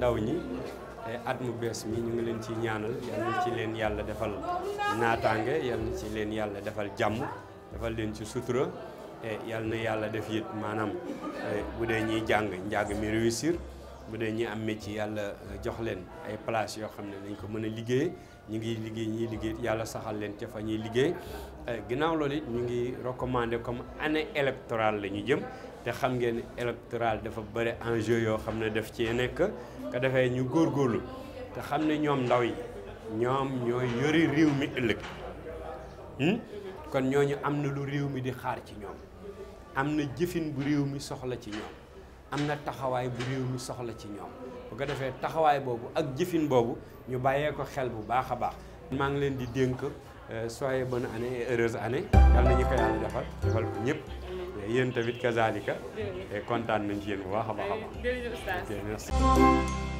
ndaw ñi eh, at mu bees mi ñu ngi leen ci ñaanal yal na ci leen yàlla defal naataange yal na ci leen yàlla defal jàmm defal leen ci sutura eh, yal na yàlla def it maanaam eh, bu dee ñuy jàng njàng mi réussir bu dee ñi am métier yàlla jox leen ay place yoo xam ne dañ ko mën a liggéey ñu ngi liggéey ñuy liggéey yàlla saxal leen ci fa ñuy liggéey ginnaaw lool it ñu ngi recommandé comme année électorale la ñu jëm te xam ngeen électorale dafa bëri enjeu yoo xam ne daf cee nekk ko defee ñu góor góorlu te xam ne ñoom ndaw yi ñoom ñoo yori réew mi ëllëg hmm? kon ñooñu am na lu réew mi di xaar ci ñoom am na jëfin bu réew mi soxla ci am na taxawaay bu réew mi soxla ci ñoom bu ko defee taxawaay boobu ak jëfin boobu ñu bàyyee ko xel bu baax a baax maa ngi leen di dénk euh, soyez bonne année et heureuse année yal na ñu ko yàlla defal defal ko ñëpp yéen tamit kazalika kontaan nañ ci yéen bu baax a baax a baax. jërëjëf